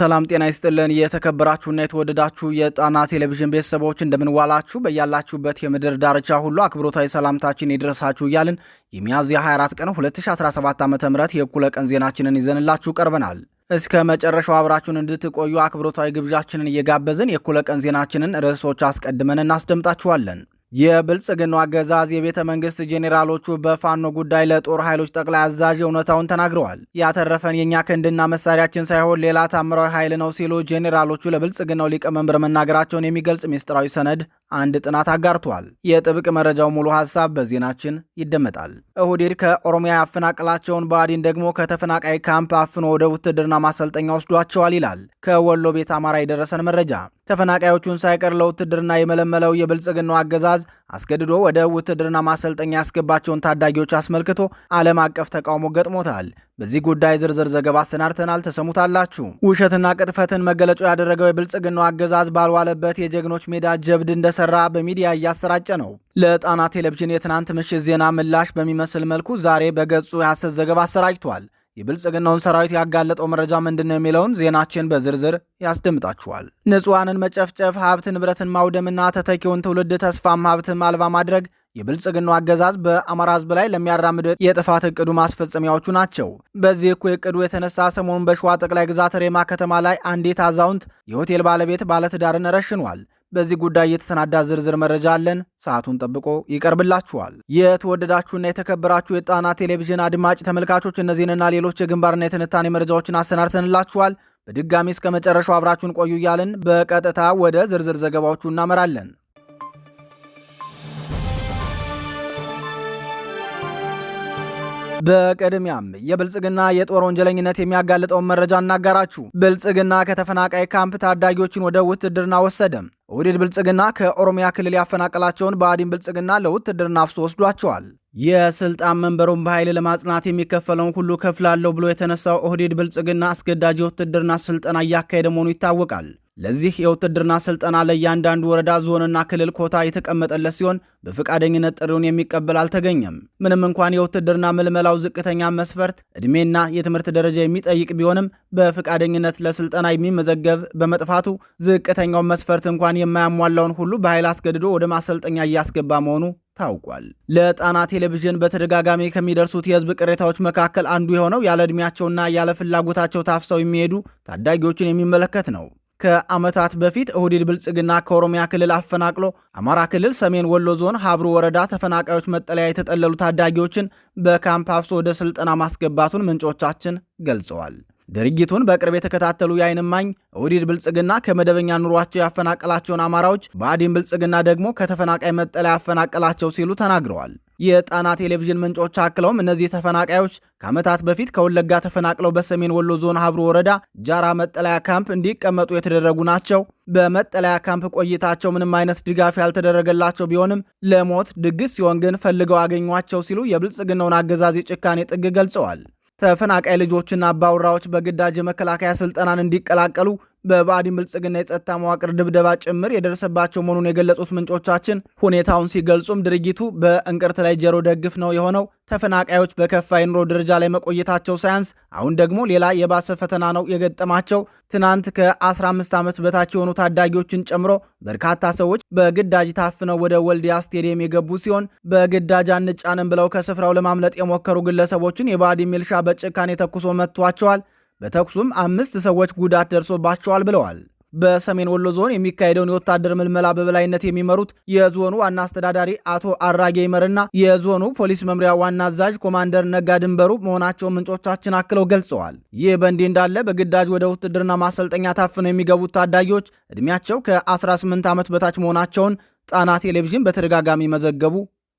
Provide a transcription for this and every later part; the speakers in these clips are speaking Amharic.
ሰላም ጤና ይስጥልን። የተከበራችሁና የተወደዳችሁ የጣና ቴሌቪዥን ቤተሰቦች እንደምንዋላችሁ፣ በያላችሁበት የምድር ዳርቻ ሁሉ አክብሮታዊ ሰላምታችን ይድረሳችሁ እያልን የሚያዝያ 24 ቀን 2017 ዓ ም የእኩለ ቀን ዜናችንን ይዘንላችሁ ቀርበናል። እስከ መጨረሻው አብራችሁን እንድትቆዩ አክብሮታዊ ግብዣችንን እየጋበዝን የእኩለ ቀን ዜናችንን ርዕሶች አስቀድመን እናስደምጣችኋለን። የብልጽግናው አገዛዝ የቤተ መንግስት ጄኔራሎቹ በፋኖ ጉዳይ ለጦር ኃይሎች ጠቅላይ አዛዥ እውነታውን ተናግረዋል። ያተረፈን የእኛ ክንድና መሳሪያችን ሳይሆን ሌላ ታምራዊ ኃይል ነው ሲሉ ጄኔራሎቹ ለብልጽግናው ሊቀመንበር መናገራቸውን የሚገልጽ ሚስጥራዊ ሰነድ አንድ ጥናት አጋርቷል። የጥብቅ መረጃው ሙሉ ሀሳብ በዜናችን ይደመጣል። ኦህዴድ ከኦሮሚያ ያፈናቀላቸውን ብአዴን ደግሞ ከተፈናቃይ ካምፕ አፍኖ ወደ ውትድርና ማሰልጠኛ ወስዷቸዋል ይላል ከወሎ ቤት አማራ የደረሰን መረጃ። ተፈናቃዮቹን ሳይቀር ለውትድርና የመለመለው የብልጽግናው አገዛዝ አስገድዶ ወደ ውትድርና ማሰልጠኛ ያስገባቸውን ታዳጊዎች አስመልክቶ ዓለም አቀፍ ተቃውሞ ገጥሞታል። በዚህ ጉዳይ ዝርዝር ዘገባ አሰናድተናል፣ ተሰሙታላችሁ። ውሸትና ቅጥፈትን መገለጫው ያደረገው የብልጽግናው አገዛዝ ባልዋለበት የጀግኖች ሜዳ ጀብድ እንደሰራ በሚዲያ እያሰራጨ ነው። ለጣና ቴሌቪዥን የትናንት ምሽት ዜና ምላሽ በሚመስል መልኩ ዛሬ በገጹ የሐሰት ዘገባ አሰራጭቷል። የብልጽግናውን ሰራዊት ያጋለጠው መረጃ ምንድን ነው የሚለውን ዜናችን በዝርዝር ያስደምጣችኋል። ንጹሐንን መጨፍጨፍ፣ ሀብት ንብረትን ማውደምና ተተኪውን ትውልድ ተስፋም ሀብትም አልባ ማድረግ የብልጽግናው አገዛዝ በአማራ ህዝብ ላይ ለሚያራምደው የጥፋት እቅዱ ማስፈጸሚያዎቹ ናቸው። በዚህ እኩ እቅዱ የተነሳ ሰሞኑን በሸዋ ጠቅላይ ግዛት ሬማ ከተማ ላይ አንዲት አዛውንት የሆቴል ባለቤት ባለትዳርን ረሽኗል። በዚህ ጉዳይ የተሰናዳ ዝርዝር መረጃ አለን። ሰዓቱን ጠብቆ ይቀርብላችኋል። የተወደዳችሁና የተከበራችሁ የጣና ቴሌቪዥን አድማጭ ተመልካቾች እነዚህንና ሌሎች የግንባርና የትንታኔ መረጃዎችን አሰናድተንላችኋል። በድጋሚ እስከ መጨረሻው አብራችሁን ቆዩ እያልን በቀጥታ ወደ ዝርዝር ዘገባዎቹ እናመራለን። በቅድሚያም የብልጽግና የጦር ወንጀለኝነት የሚያጋልጠውን መረጃ እናጋራችሁ። ብልጽግና ከተፈናቃይ ካምፕ ታዳጊዎችን ወደ ውትድርና ወሰደ። ውድድ ብልጽግና ከኦሮሚያ ክልል ያፈናቀላቸውን በአዲን ብልጽግና ለውትድርና አፍሶ ወስዷቸዋል። የስልጣን መንበሩን በኃይል ለማጽናት የሚከፈለውን ሁሉ ከፍላለሁ ብሎ የተነሳው ኦህዴድ ብልጽግና አስገዳጅ የውትድርና ስልጠና እያካሄደ መሆኑ ይታወቃል። ለዚህ የውትድርና ስልጠና ለእያንዳንዱ ወረዳ ዞንና ክልል ኮታ የተቀመጠለት ሲሆን በፈቃደኝነት ጥሪውን የሚቀበል አልተገኘም። ምንም እንኳን የውትድርና ምልመላው ዝቅተኛ መስፈርት ዕድሜና የትምህርት ደረጃ የሚጠይቅ ቢሆንም በፈቃደኝነት ለስልጠና የሚመዘገብ በመጥፋቱ ዝቅተኛውን መስፈርት እንኳን የማያሟላውን ሁሉ በኃይል አስገድዶ ወደ ማሰልጠኛ እያስገባ መሆኑ ታውቋል። ለጣና ቴሌቪዥን በተደጋጋሚ ከሚደርሱት የህዝብ ቅሬታዎች መካከል አንዱ የሆነው ያለ ዕድሜያቸውና ያለ ፍላጎታቸው ታፍሰው የሚሄዱ ታዳጊዎችን የሚመለከት ነው። ከዓመታት በፊት ኦህዴድ ብልጽግና ከኦሮሚያ ክልል አፈናቅሎ አማራ ክልል ሰሜን ወሎ ዞን ሀብሩ ወረዳ ተፈናቃዮች መጠለያ የተጠለሉ ታዳጊዎችን በካምፕ አፍሶ ወደ ስልጠና ማስገባቱን ምንጮቻችን ገልጸዋል። ድርጊቱን በቅርብ የተከታተሉ የአይንማኝ እማኝ ኦህዴድ ብልጽግና ከመደበኛ ኑሯቸው ያፈናቀላቸውን አማራዎች፣ ብአዴን ብልጽግና ደግሞ ከተፈናቃይ መጠለያ ያፈናቀላቸው ሲሉ ተናግረዋል። የጣና ቴሌቪዥን ምንጮች አክለውም እነዚህ ተፈናቃዮች ከዓመታት በፊት ከወለጋ ተፈናቅለው በሰሜን ወሎ ዞን ሀብሮ ወረዳ ጃራ መጠለያ ካምፕ እንዲቀመጡ የተደረጉ ናቸው። በመጠለያ ካምፕ ቆይታቸው ምንም አይነት ድጋፍ ያልተደረገላቸው ቢሆንም ለሞት ድግስ ሲሆን ግን ፈልገው አገኟቸው ሲሉ የብልጽግናውን አገዛዝ ጭካኔ ጥግ ገልጸዋል። ተፈናቃይ ልጆችና አባውራዎች በግዳጅ የመከላከያ ስልጠናን እንዲቀላቀሉ በባዕዲን ብልጽግና የጸጥታ መዋቅር ድብደባ ጭምር የደረሰባቸው መሆኑን የገለጹት ምንጮቻችን ሁኔታውን ሲገልጹም ድርጊቱ በእንቅርት ላይ ጀሮ ደግፍ ነው የሆነው። ተፈናቃዮች በከፋ የኑሮ ደረጃ ላይ መቆየታቸው ሳያንስ አሁን ደግሞ ሌላ የባሰ ፈተና ነው የገጠማቸው። ትናንት ከ15 ዓመት በታች የሆኑ ታዳጊዎችን ጨምሮ በርካታ ሰዎች በግዳጅ ታፍነው ወደ ወልዲያ ስቴዲየም የገቡ ሲሆን በግዳጅ አንጫንም ብለው ከስፍራው ለማምለጥ የሞከሩ ግለሰቦችን የባዕዲ ሚልሻ በጭካኔ ተኩሶ መጥቷቸዋል። በተኩሱም አምስት ሰዎች ጉዳት ደርሶባቸዋል ብለዋል። በሰሜን ወሎ ዞን የሚካሄደውን የወታደር ምልመላ በበላይነት የሚመሩት የዞኑ ዋና አስተዳዳሪ አቶ አራጌ ይመርና የዞኑ ፖሊስ መምሪያ ዋና አዛዥ ኮማንደር ነጋ ድንበሩ መሆናቸው ምንጮቻችን አክለው ገልጸዋል። ይህ በእንዲህ እንዳለ በግዳጅ ወደ ውትድርና ማሰልጠኛ ታፍነው የሚገቡት ታዳጊዎች ዕድሜያቸው ከ18 ዓመት በታች መሆናቸውን ጣና ቴሌቪዥን በተደጋጋሚ መዘገቡ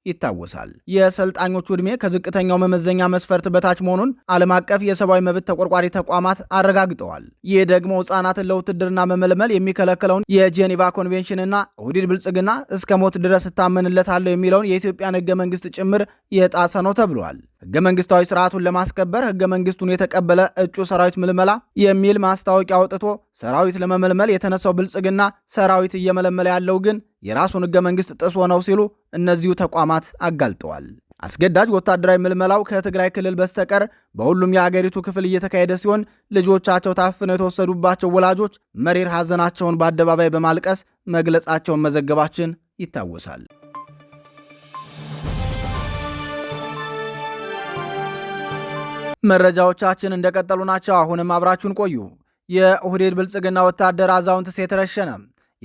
ይታወሳል። የሰልጣኞቹ ዕድሜ ከዝቅተኛው መመዘኛ መስፈርት በታች መሆኑን ዓለም አቀፍ የሰብአዊ መብት ተቆርቋሪ ተቋማት አረጋግጠዋል። ይህ ደግሞ ሕጻናትን ለውትድርና መመልመል የሚከለክለውን የጄኔቫ ኮንቬንሽንና ውዲድ ብልጽግና እስከ ሞት ድረስ እታመንለታለሁ የሚለውን የኢትዮጵያን ሕገ መንግስት ጭምር የጣሰ ነው ተብሏል። ህገ መንግስታዊ ስርዓቱን ለማስከበር ህገ መንግስቱን የተቀበለ እጩ ሰራዊት ምልመላ የሚል ማስታወቂያ አውጥቶ ሰራዊት ለመመልመል የተነሳው ብልጽግና ሰራዊት እየመለመለ ያለው ግን የራሱን ህገ መንግስት ጥሶ ነው ሲሉ እነዚሁ ተቋማት አጋልጠዋል። አስገዳጅ ወታደራዊ ምልመላው ከትግራይ ክልል በስተቀር በሁሉም የአገሪቱ ክፍል እየተካሄደ ሲሆን ልጆቻቸው ታፍነው የተወሰዱባቸው ወላጆች መሪር ሐዘናቸውን በአደባባይ በማልቀስ መግለጻቸውን መዘገባችን ይታወሳል። መረጃዎቻችን እንደቀጠሉ ናቸው። አሁንም አብራችሁን ቆዩ። የኦህዴድ ብልጽግና ወታደር አዛውንት ሴት ረሸነ።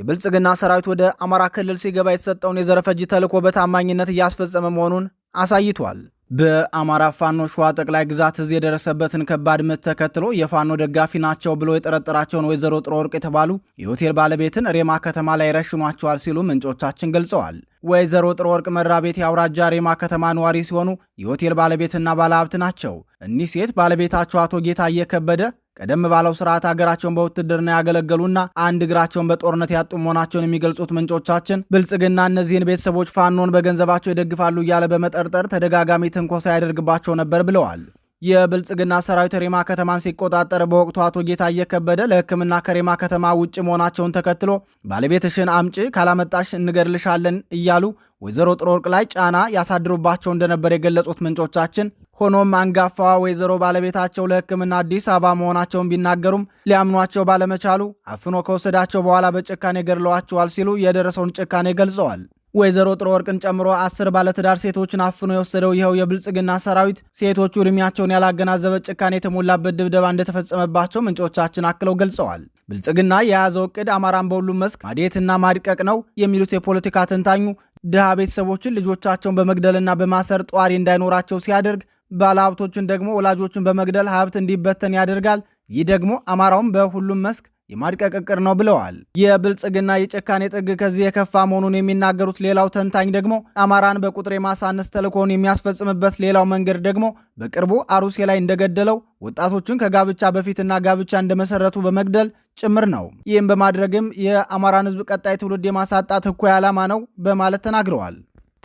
የብልጽግና ሰራዊት ወደ አማራ ክልል ሲገባ የተሰጠውን የዘረፈጅ ተልኮ በታማኝነት እያስፈጸመ መሆኑን አሳይቷል። በአማራ ፋኖ ሸዋ ጠቅላይ ግዛት እዝ የደረሰበትን ከባድ ምት ተከትሎ የፋኖ ደጋፊ ናቸው ብሎ የጠረጠራቸውን ወይዘሮ ጥሮ ወርቅ የተባሉ የሆቴል ባለቤትን ሬማ ከተማ ላይ ረሽኗቸዋል ሲሉ ምንጮቻችን ገልጸዋል። ወይዘሮ ጥሩ ወርቅ ቤት አውራጃ ሬማ ከተማ ነዋሪ ሲሆኑ የሆቴል ባለቤትና ባለሀብት ናቸው። እኒህ ሴት ባለቤታቸው አቶ ጌታ እየከበደ ። ቀደም ባለው ስርዓት ሀገራቸውን በውትድርና ያገለገሉና አንድ እግራቸውን በጦርነት ያጡ መሆናቸውን የሚገልጹት ምንጮቻችን ብልጽግና እነዚህን ቤተሰቦች ፋኖን በገንዘባቸው ይደግፋሉ እያለ በመጠርጠር ተደጋጋሚ ትንኮሳ ያደርግባቸው ነበር ብለዋል። የብልጽግና ሰራዊት ሬማ ከተማን ሲቆጣጠር በወቅቱ አቶ ጌታየ ከበደ ለሕክምና ከሬማ ከተማ ውጭ መሆናቸውን ተከትሎ ባለቤትሽን አምጪ ካላመጣሽ እንገድልሻለን እያሉ ወይዘሮ ጥሩ ላይ ጫና ያሳድሩባቸው እንደነበር የገለጹት ምንጮቻችን፣ ሆኖም አንጋፋ ወይዘሮ ባለቤታቸው ለሕክምና አዲስ አበባ መሆናቸውን ቢናገሩም ሊያምኗቸው ባለመቻሉ አፍኖ ከወሰዳቸው በኋላ በጭካኔ ገድለዋቸዋል ሲሉ የደረሰውን ጭካኔ ገልጸዋል። ወይዘሮ ጥሩ ወርቅን ጨምሮ አስር ባለትዳር ሴቶችን አፍኖ የወሰደው ይኸው የብልጽግና ሰራዊት ሴቶቹ እድሜያቸውን ያላገናዘበ ጭካኔ የተሞላበት ድብደባ እንደተፈጸመባቸው ምንጮቻችን አክለው ገልጸዋል። ብልጽግና የያዘው ቅድ አማራን በሁሉም መስክ ማዴትና ማድቀቅ ነው የሚሉት የፖለቲካ ተንታኙ ድሃ ቤተሰቦችን ልጆቻቸውን በመግደልና በማሰር ጧሪ እንዳይኖራቸው ሲያደርግ፣ ባለሀብቶችን ደግሞ ወላጆችን በመግደል ሀብት እንዲበተን ያደርጋል። ይህ ደግሞ አማራውን በሁሉም መስክ የማድቀቅ እቅድ ነው ብለዋል። የብልጽግና የጭካኔ ጥግ ከዚህ የከፋ መሆኑን የሚናገሩት ሌላው ተንታኝ ደግሞ አማራን በቁጥር የማሳነስ ተልእኮውን የሚያስፈጽምበት ሌላው መንገድ ደግሞ በቅርቡ አሩሴ ላይ እንደገደለው ወጣቶችን ከጋብቻ በፊትና ጋብቻ እንደመሰረቱ በመግደል ጭምር ነው። ይህም በማድረግም የአማራን ህዝብ ቀጣይ ትውልድ የማሳጣት እኩይ ዓላማ ነው በማለት ተናግረዋል።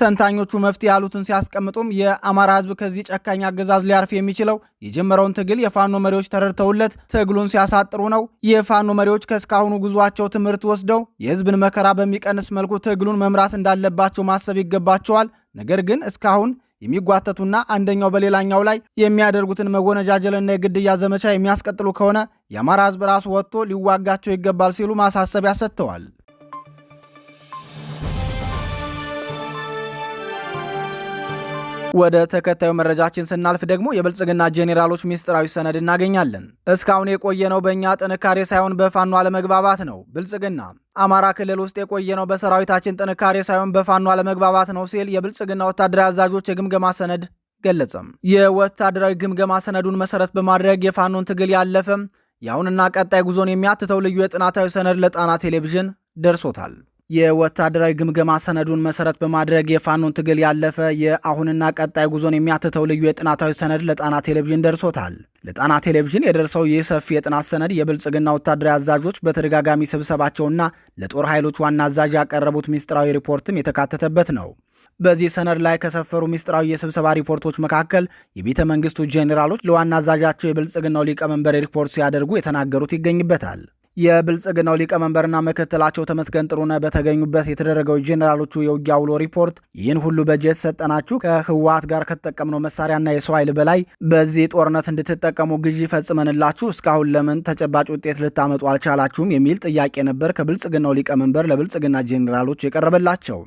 ተንታኞቹ መፍትሄ ያሉትን ሲያስቀምጡም የአማራ ህዝብ ከዚህ ጨካኝ አገዛዝ ሊያርፍ የሚችለው የጀመረውን ትግል የፋኖ መሪዎች ተረድተውለት ትግሉን ሲያሳጥሩ ነው። የፋኖ መሪዎች ከእስካሁኑ ጉዟቸው ትምህርት ወስደው የህዝብን መከራ በሚቀንስ መልኩ ትግሉን መምራት እንዳለባቸው ማሰብ ይገባቸዋል። ነገር ግን እስካሁን የሚጓተቱና አንደኛው በሌላኛው ላይ የሚያደርጉትን መወነጃጀልና የግድያ ዘመቻ የሚያስቀጥሉ ከሆነ የአማራ ህዝብ ራሱ ወጥቶ ሊዋጋቸው ይገባል ሲሉ ማሳሰቢያ ሰጥተዋል። ወደ ተከታዩ መረጃችን ስናልፍ ደግሞ የብልጽግና ጄኔራሎች ሚስጥራዊ ሰነድ እናገኛለን። እስካሁን የቆየነው በእኛ ጥንካሬ ሳይሆን በፋኖ አለመግባባት ነው። ብልጽግና አማራ ክልል ውስጥ የቆየነው በሰራዊታችን ጥንካሬ ሳይሆን በፋኖ አለመግባባት ነው ሲል የብልጽግና ወታደራዊ አዛዦች የግምገማ ሰነድ ገለጸም። የወታደራዊ ግምገማ ሰነዱን መሰረት በማድረግ የፋኖን ትግል ያለፈም የአሁንና ቀጣይ ጉዞን የሚያትተው ልዩ የጥናታዊ ሰነድ ለጣና ቴሌቪዥን ደርሶታል። የወታደራዊ ግምገማ ሰነዱን መሰረት በማድረግ የፋኖን ትግል ያለፈ የአሁንና ቀጣይ ጉዞን የሚያትተው ልዩ የጥናታዊ ሰነድ ለጣና ቴሌቪዥን ደርሶታል። ለጣና ቴሌቪዥን የደረሰው ይህ ሰፊ የጥናት ሰነድ የብልጽግና ወታደራዊ አዛዦች በተደጋጋሚ ስብሰባቸውና ለጦር ኃይሎች ዋና አዛዥ ያቀረቡት ሚስጥራዊ ሪፖርትም የተካተተበት ነው። በዚህ ሰነድ ላይ ከሰፈሩ ሚስጥራዊ የስብሰባ ሪፖርቶች መካከል የቤተ መንግስቱ ጄኔራሎች ለዋና አዛዣቸው የብልጽግናው ሊቀመንበር ሪፖርት ሲያደርጉ የተናገሩት ይገኝበታል። የብልጽግናው ሊቀመንበርና ምክትላቸው ተመስገን ጥሩነህ በተገኙበት የተደረገው ጄኔራሎቹ የውጊያ ውሎ ሪፖርት ይህን ሁሉ በጀት ሰጠናችሁ፣ ከህወሓት ጋር ከተጠቀምነው መሳሪያና የሰው ኃይል በላይ በዚህ ጦርነት እንድትጠቀሙ ግዢ ፈጽመንላችሁ እስካሁን ለምን ተጨባጭ ውጤት ልታመጡ አልቻላችሁም? የሚል ጥያቄ ነበር ከብልጽግናው ሊቀመንበር ለብልጽግና ጄኔራሎች የቀረበላቸው።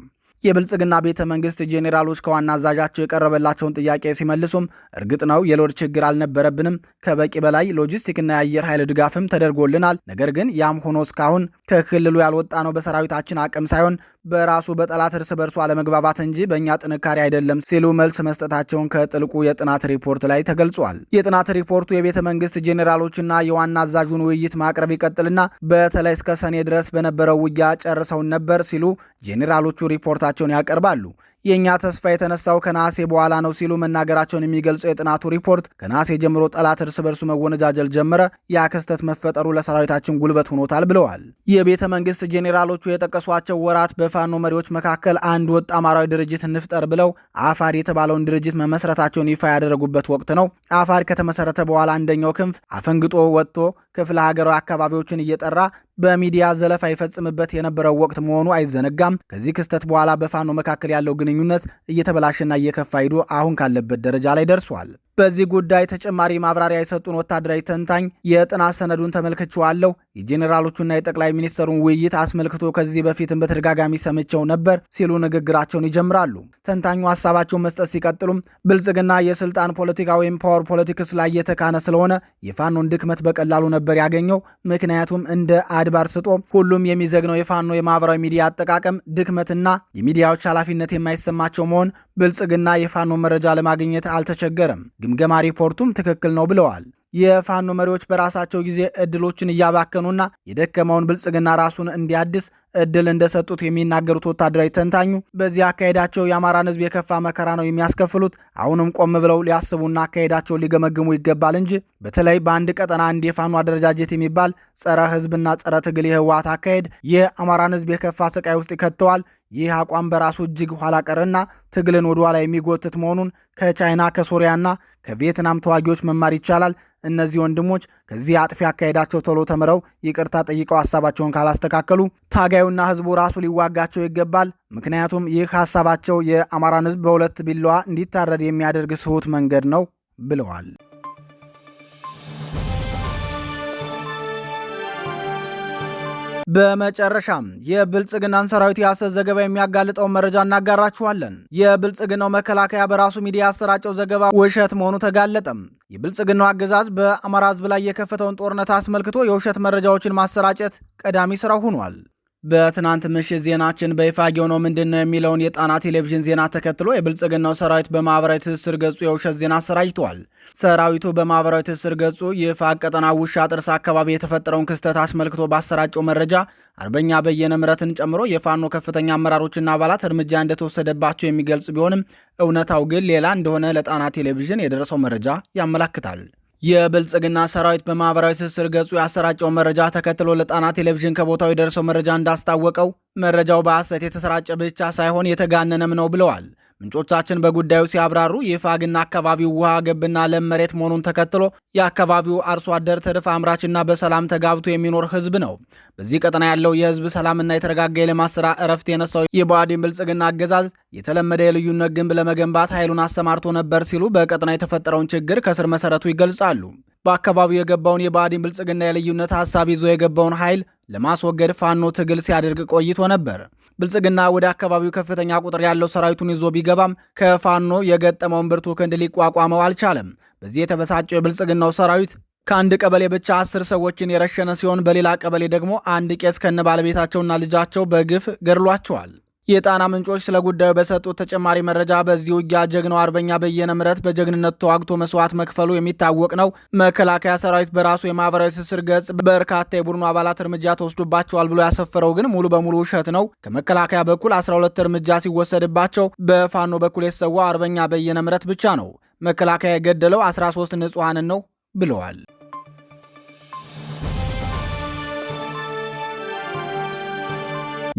የብልጽግና ቤተ መንግስት ጄኔራሎች ከዋና አዛዣቸው የቀረበላቸውን ጥያቄ ሲመልሱም እርግጥ ነው የሎድ ችግር አልነበረብንም፣ ከበቂ በላይ ሎጂስቲክና የአየር ኃይል ድጋፍም ተደርጎልናል። ነገር ግን ያም ሆኖ እስካሁን ከክልሉ ያልወጣ ነው በሰራዊታችን አቅም ሳይሆን በራሱ በጠላት እርስ በርሱ አለመግባባት እንጂ በእኛ ጥንካሬ አይደለም ሲሉ መልስ መስጠታቸውን ከጥልቁ የጥናት ሪፖርት ላይ ተገልጿል። የጥናት ሪፖርቱ የቤተ መንግስት ጄኔራሎችና የዋና አዛዡን ውይይት ማቅረብ ይቀጥልና በተለይ እስከ ሰኔ ድረስ በነበረው ውጊያ ጨርሰውን ነበር ሲሉ ጄኔራሎቹ ሪፖርታ ሀሳባቸውን ያቀርባሉ። የእኛ ተስፋ የተነሳው ከነሐሴ በኋላ ነው ሲሉ መናገራቸውን የሚገልጸው የጥናቱ ሪፖርት ከነሐሴ ጀምሮ ጠላት እርስ በርሱ መወነጃጀል ጀመረ። ያ ክስተት መፈጠሩ ለሰራዊታችን ጉልበት ሆኖታል ብለዋል። የቤተ መንግስት ጄኔራሎቹ የጠቀሷቸው ወራት በፋኖ መሪዎች መካከል አንድ ወጥ አማራዊ ድርጅት እንፍጠር ብለው አፋር የተባለውን ድርጅት መመስረታቸውን ይፋ ያደረጉበት ወቅት ነው። አፋር ከተመሰረተ በኋላ አንደኛው ክንፍ አፈንግጦ ወጥቶ ክፍለ ሀገራዊ አካባቢዎችን እየጠራ በሚዲያ ዘለፋ ይፈጽምበት የነበረው ወቅት መሆኑ አይዘነጋም። ከዚህ ክስተት በኋላ በፋኖ መካከል ያለው ግን ግንኙነት እየተበላሸና እየከፋ ሂዶ አሁን ካለበት ደረጃ ላይ ደርሷል። በዚህ ጉዳይ ተጨማሪ ማብራሪያ የሰጡን ወታደራዊ ተንታኝ የጥናት ሰነዱን ተመልክቼዋለሁ። የጄኔራሎቹና የጠቅላይ ሚኒስትሩን ውይይት አስመልክቶ ከዚህ በፊትም በተደጋጋሚ ሰምቼው ነበር ሲሉ ንግግራቸውን ይጀምራሉ። ተንታኙ ሀሳባቸውን መስጠት ሲቀጥሉም ብልጽግና የስልጣን ፖለቲካ ወይም ፓወር ፖለቲክስ ላይ የተካነ ስለሆነ የፋኖን ድክመት በቀላሉ ነበር ያገኘው። ምክንያቱም እንደ አድባር ስጦ ሁሉም የሚዘግነው የፋኖ የማህበራዊ ሚዲያ አጠቃቀም ድክመትና የሚዲያዎች ኃላፊነት የማይሰማቸው መሆን ብልጽግና የፋኖ መረጃ ለማግኘት አልተቸገረም። የግምገማ ሪፖርቱም ትክክል ነው ብለዋል። የፋኖ መሪዎች በራሳቸው ጊዜ እድሎችን እያባከኑና የደከመውን ብልጽግና ራሱን እንዲያድስ እድል እንደሰጡት የሚናገሩት ወታደራዊ ተንታኙ በዚህ አካሄዳቸው የአማራን ሕዝብ የከፋ መከራ ነው የሚያስከፍሉት። አሁንም ቆም ብለው ሊያስቡና አካሄዳቸውን ሊገመግሙ ይገባል እንጂ በተለይ በአንድ ቀጠና አንድ የፋኖ አደረጃጀት የሚባል ጸረ ሕዝብና ጸረ ትግል የህወሓት አካሄድ የአማራን ሕዝብ የከፋ ስቃይ ውስጥ ይከተዋል፣ ይህ አቋም በራሱ እጅግ ኋላ ቀርና ትግልን ወደኋላ የሚጎትት መሆኑን ከቻይና ከሶሪያና ከቪየትናም ተዋጊዎች መማር ይቻላል። እነዚህ ወንድሞች ከዚህ አጥፊ አካሄዳቸው ቶሎ ተምረው ይቅርታ ጠይቀው ሀሳባቸውን ካላስተካከሉ ታጋዩና ህዝቡ ራሱ ሊዋጋቸው ይገባል። ምክንያቱም ይህ ሀሳባቸው የአማራን ህዝብ በሁለት ቢላዋ እንዲታረድ የሚያደርግ ስሁት መንገድ ነው ብለዋል። በመጨረሻም የብልጽግናን ሰራዊት የሐሰት ዘገባ የሚያጋልጠውን መረጃ እናጋራችኋለን። የብልጽግናው መከላከያ በራሱ ሚዲያ ያሰራጨው ዘገባ ውሸት መሆኑ ተጋለጠም። የብልጽግናው አገዛዝ በአማራ ሕዝብ ላይ የከፈተውን ጦርነት አስመልክቶ የውሸት መረጃዎችን ማሰራጨት ቀዳሚ ስራው ሆኗል። በትናንት ምሽት ዜናችን በይፋ የሆነው ምንድን ነው የሚለውን የጣና ቴሌቪዥን ዜና ተከትሎ የብልጽግናው ሰራዊት በማህበራዊ ትስስር ገጹ የውሸት ዜና አሰራጅቷል። ሰራዊቱ በማህበራዊ ትስስር ገጹ ይፋ ቀጠና ውሻ ጥርስ አካባቢ የተፈጠረውን ክስተት አስመልክቶ ባሰራጨው መረጃ አርበኛ በየነ ምረትን ጨምሮ የፋኖ ከፍተኛ አመራሮችና አባላት እርምጃ እንደተወሰደባቸው የሚገልጽ ቢሆንም እውነታው ግን ሌላ እንደሆነ ለጣና ቴሌቪዥን የደረሰው መረጃ ያመላክታል። የብልጽግና ሰራዊት በማህበራዊ ትስስር ገጹ ያሰራጨው መረጃ ተከትሎ ለጣና ቴሌቪዥን ከቦታው የደረሰው መረጃ እንዳስታወቀው መረጃው በሐሰት የተሰራጨ ብቻ ሳይሆን የተጋነነም ነው ብለዋል። ምንጮቻችን በጉዳዩ ሲያብራሩ የፋግና አካባቢው ውሃ ገብና ለም መሬት መሆኑን ተከትሎ የአካባቢው አርሶ አደር ትርፍ አምራችና በሰላም ተጋብቶ የሚኖር ህዝብ ነው። በዚህ ቀጠና ያለው የህዝብ ሰላምና የተረጋጋ የልማት ስራ እረፍት የነሳው የብአዴን ብልጽግና አገዛዝ የተለመደ የልዩነት ግንብ ለመገንባት ኃይሉን አሰማርቶ ነበር ሲሉ በቀጠና የተፈጠረውን ችግር ከስር መሰረቱ ይገልጻሉ። በአካባቢው የገባውን የብአዴን ብልጽግና የልዩነት ሀሳብ ይዞ የገባውን ኃይል ለማስወገድ ፋኖ ትግል ሲያደርግ ቆይቶ ነበር። ብልጽግና ወደ አካባቢው ከፍተኛ ቁጥር ያለው ሰራዊቱን ይዞ ቢገባም ከፋኖ የገጠመውን ብርቱ ክንድ ሊቋቋመው አልቻለም። በዚህ የተበሳጨው የብልጽግናው ሰራዊት ከአንድ ቀበሌ ብቻ አስር ሰዎችን የረሸነ ሲሆን በሌላ ቀበሌ ደግሞ አንድ ቄስ ከነ ባለቤታቸውና ልጃቸው በግፍ ገድሏቸዋል። የጣና ምንጮች ስለ ጉዳዩ በሰጡት ተጨማሪ መረጃ በዚህ ውጊያ ጀግናው አርበኛ በየነ ምረት በጀግንነት ተዋግቶ መስዋዕት መክፈሉ የሚታወቅ ነው። መከላከያ ሰራዊት በራሱ የማህበራዊ ትስስር ገጽ በርካታ የቡድኑ አባላት እርምጃ ተወስዶባቸዋል ብሎ ያሰፈረው ግን ሙሉ በሙሉ ውሸት ነው። ከመከላከያ በኩል 12 እርምጃ ሲወሰድባቸው፣ በፋኖ በኩል የተሰዋው አርበኛ በየነ ምረት ብቻ ነው። መከላከያ የገደለው 13 ንጹሐንን ነው ብለዋል።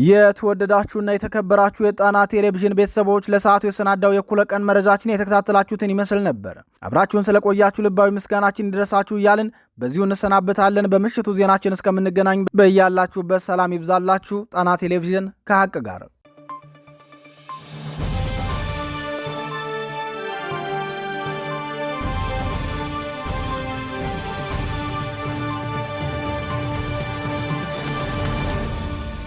የተወደዳችሁና የተከበራችሁ የጣና ቴሌቪዥን ቤተሰቦች ለሰዓቱ የሰናዳው የእኩለ ቀን መረጃችን የተከታተላችሁትን ይመስል ነበር። አብራችሁን ስለቆያችሁ ልባዊ ምስጋናችን ይድረሳችሁ እያልን በዚሁ እንሰናበታለን። በምሽቱ ዜናችን እስከምንገናኝ በያላችሁበት ሰላም ይብዛላችሁ። ጣና ቴሌቪዥን ከሀቅ ጋር